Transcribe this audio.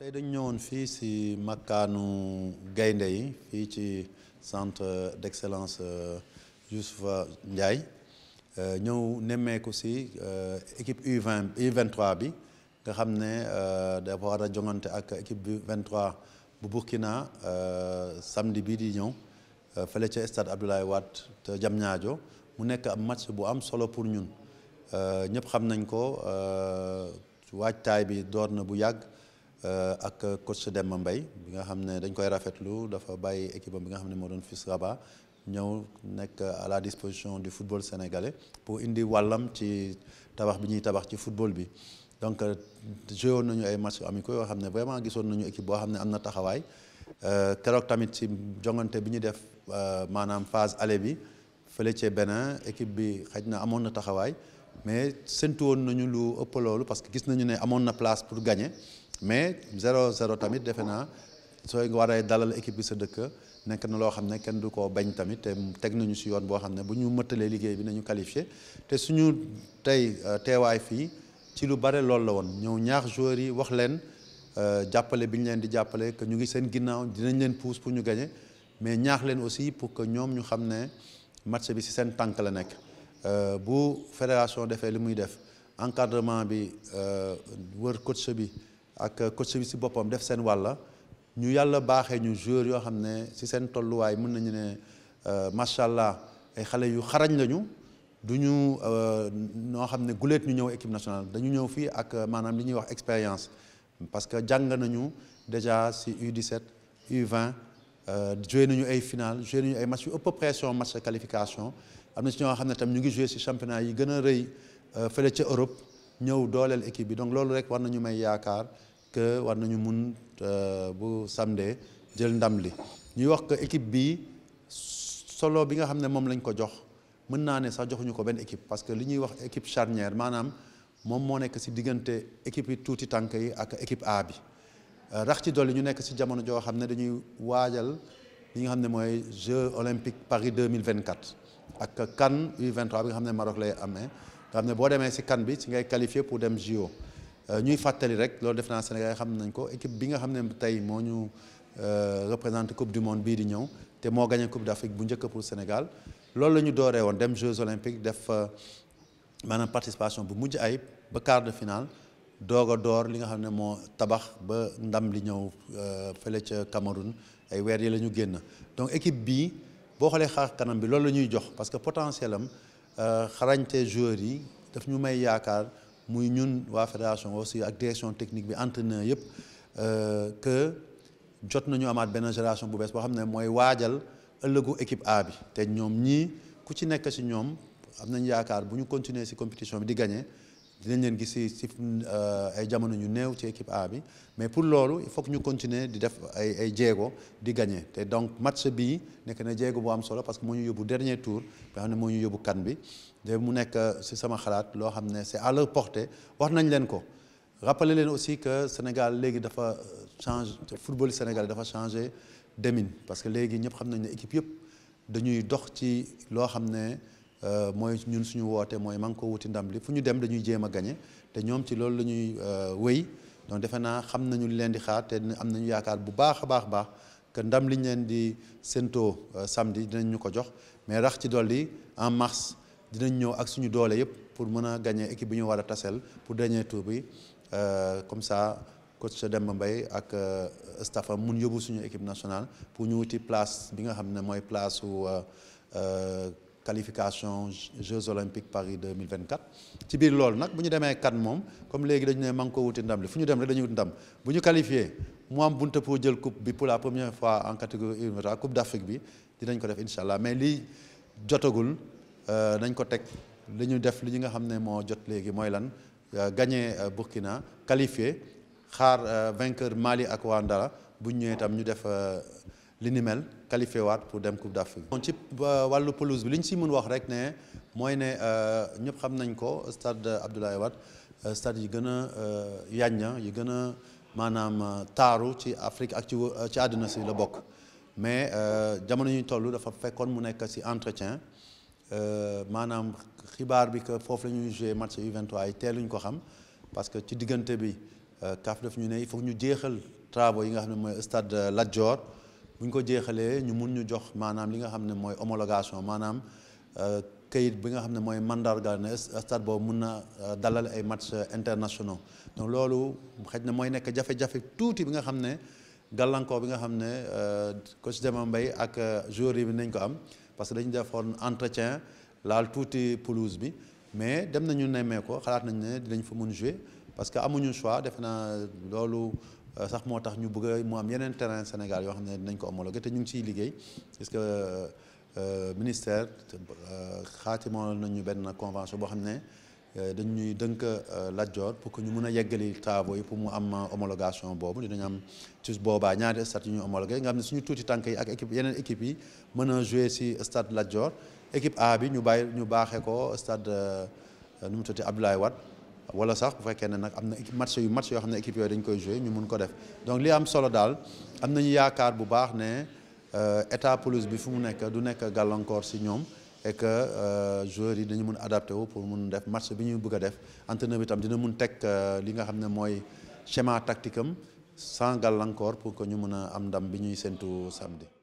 tey dañ ñëwoon fii si makkaanu gaynde yi fii ci centre d'excellence euh, Youssoufa Ndiaye euh, ñëw nemmeeku si euh, équipe U20 u bi nga xam ne dafa war a jongante ak équipe U23 bu Burkina samdi bi di ñëw fële ca stade Abdoulaye Wade te Diamniadio mu nekk am match bu am solo pour ñun ñëpp xam nañ ko waajtaay bi door na bu yàgg. Euh, ak coach Demba Mbaye bi nga xam ne dañ koy rafetlu dafa bàyyi équipe bi nga xam ne moo doon FUS Rabat ñëw nekk à la disposition du football sénégalais pour indi wàllam ci tabax bi ñuy tabax ci football bi. donc euh, joué woon nañu ay matchs amicaux yoo xam ne vraiment gisoon nañu équipe boo xam ne am na taxawaay euh, keroog tamit ci jongante bi ñu def maanaam phase aller bi fële ci Bénin équipe bi xaj na amoon na taxawaay mais séntu woon nañu lu ëpp loolu parce que gis nañu ne amoon na place pour gagner. mais zéro zéro tamit defe naa sooy war a dalal équipe bi sa dëkk nekk na loo xam ne kenn du ko bañ tamit te teg nañu si yoon boo xam ne bu ñu mëtalee liggéey bi nañu qualifié te suñu tey euh, teewaay fii ci lu bare loolu la woon ñëw ñaax joueurs yi wax leen euh, jàppale bi ñu leen di jàppale que ñu ngi seen ginnaaw dinañ leen pouse pour ñu gagné mais ñaax leen aussi pour que ñoom ñu xam ne match bi si seen tànk la nekk euh, bu fédération defee li muy def encadrement bi wër coach bi ak euh, coach bi si boppam def seen wàlla ñu yàlla baaxee ñu joueurs yoo xam ne si seen tolluwaay mun nañu ne euh, macha allah ay xale yu xarañ lañu du ñu euh, noo xam ne guleet ñu ñëw équipe nationale dañu ñëw fii ak maanaam li ñuy wax expérience parce que jàng nañu déjà si U17 U20 joué nañu ay final joué nañu ay match yu ëpp pression match de qualification am na si ñoo xam ne tam ñu ngi joué si championnat yi gën a rëy fële ca Europe. ñëw dooleel équipe bi donc loolu rek war nañu may yaakaar que war nañu mun euh, bu samedi jël ndam li ñuy wax ko équipe bi solo bi nga xam ne moom lañ ko jox mën naa ne sax joxuñu ko benn équipe parce que li ñuy wax équipe charnière maanaam moom moo nekk ci diggante équipe yi tuuti tànk yi ak équipe A bi euh, rax ci dolli ñu nekk ci jamono joo xam ne dañuy waajal li nga xam ne mooy Jeux olympiques Paris 2024 ak kan U23 bi nga xam ne Maroc lay amee nga xam ne boo demee si kan bi si ngay qualifié pour dem JO euh, ñuy fàttali rek loolu def naa Sénégal xam nañ ko équipe bi nga xam ne tey moo ñu euh, représenté coupe du monde bii di ñëw te moo gañee coupe d' bu njëkk pour Sénégal loolu la ñu dooree woon dem Jeux olympiques def euh, maanaam participation bu mujj ayib ba quart de finale doog a door li nga xam ne moo tabax ba ndam li ñëw fële ca Cameroun ay weer yi la ñu génn donc équipe bii boo xoolee xaar kanam bi loolu la ñuy jox parce que potentiel am. Euh, xarañte joueurs yi daf ñu may yaakaar muy ñun waa fédération aussi ak direction technique bi entraîneur yëpp euh, que jot nañu amaat benn génération bu bees boo xam ne mooy waajal ëllëgu équipe A bi te ñoom ñii ku ci nekk ci ñoom am nañ yaakaar bu ñu continuer ci compétition bi di gagner dinañ leen gis si si euh, ay jamono ñu néew ci équipe A bi mais pour loolu il faut ñu continuer di def ay ay jéego di gagné te donc match bii nekk na jéego bu am solo parce que moo ñu yóbbu dernier tour nga xam ne moo ñu yóbbu kan bi te mu nekk si euh, sama xalaat loo xam ne c'est à leur portée wax nañ leen ko. rappeler leen aussi que Sénégal léegi dafa euh, change football Sénégal dafa changé demin parce que léegi ñëpp xam nañ ne équipe yëpp dañuy dox ci loo xam ne. Euh, mooy ñun suñu wootee mooy maa ngi ko wuti ndam li fu ñu dem dañuy jéem a gañe te ñoom ci loolu la ñuy euh, wéy donc defe naa xam nañu leen di xaar te am nañu yaakaar bu baax a baax baax que ndam liñ leen di séentoo euh, samedi dinañ ñu ko jox mais rax ci dolli en mars dinañ ñëw ak suñu doole yëpp pour mën a gagné équipe bi ñu war a taseel pour dernier tour bi comme ça coach Demba mbay ak staff am mun yóbbu suñu équipe national pour ñu wuti place bi nga xam ne mooy place su. qualification Jeux olympiques Paris 2024 ci biir lool nag bu ñu demee kan moom comme léegi dañu ne man ko wuti ndam li fu ñu dem rek dañuy wuti ndam bu ñu qualifié mu bunta pour jël coupe bi pour la première fois en catégorie universitaire coupe d'Afrique bi dinañ ko def incha allah mais lii jotagul euh, nañ ko teg li ñu def li ñu nga xam ne moo jot léegi mooy lan euh, gagné euh, Burkina qualifié xaar vainqueur Mali ak Rwanda bu ñu ñëwee tam ñu def. li ni mel qualifié waat pour dem Coupe d'Afrique. bon ci wàllu pelouse bi li ñu si mun wax rek ne mooy ne euh, ñëpp xam nañ ko stade Abdoulaye Wade euh, stade yi gën a euh, yàñña yi gën a maanaam taaru ci Afrique ak ci ci àdduna si la bokk mais jamono ñu tollu dafa fekkoon mu nekk si entretien maanaam xibaar bi que foofu la ñuy joué match U23 yi teeluñ ko xam parce que ci diggante bi CAF daf ñu ne il faut ñu jeexal travaux yi nga xam ne mooy stade Lat Dior. bu ko jeexalee ñu mun ñu jox maanaam li nga xam ne mooy homologation maanaam euh, kayit bi nga xam ne mooy mandarga ne stade boobu mun na euh, dalal ay match internationaux donc loolu xëj na mooy nekk jafe-jafe tuuti bi nga xam ne gàllankoor bi nga xam ne euh, coach Demba Mbaye ak joueur yi nañ ko am parce que dañu defoon entretien laal tuuti pelouse bi mais dem nañu nemmee ko xalaat nañ ne dinañ fa mun jouer parce que amuñu choix defe naa loolu Euh, sax moo tax ñu bëgg mu am yeneen terrain Sénégal yoo xam ne dinañ ko homologué te ñu ngi ciy liggéey parce que euh, euh, ministère xaati xaatimoon nañu benn convention boo xam ne dañuy dënk Lat Dior pour que ñu mun a yeggali travaux yi pour mu am homologation boobu dinañ am ci boobaa ñaari stade yu ñu homologué nga xam ne suñu tuuti tànk yi ak équipe yeneen équipe yi mën a jouer ci stade Lat Dior équipe bi ñu bàyyi ñu baaxee ko stade nu mu tuddati Abdoulaye Wade wala sax bu fekkee ne nag am na match yu match yoo xam ne équipe yooyu dañ koy joué ñu mun ko def donc li am solo daal am nañu yaakaar bu baax ne euh, état pelouse bi fu mu nekk du nekk gàllankoor si ñoom et que euh, joueurs yi dañu mun adapté wu pour mun def match bi ñuy bëgg a def entraîneur bi tam dina mun teg euh, li nga xam ne mooy schéma tactique am sans gàllankoor pour que ñu mun a am ndam bi ñuy séntu samedi.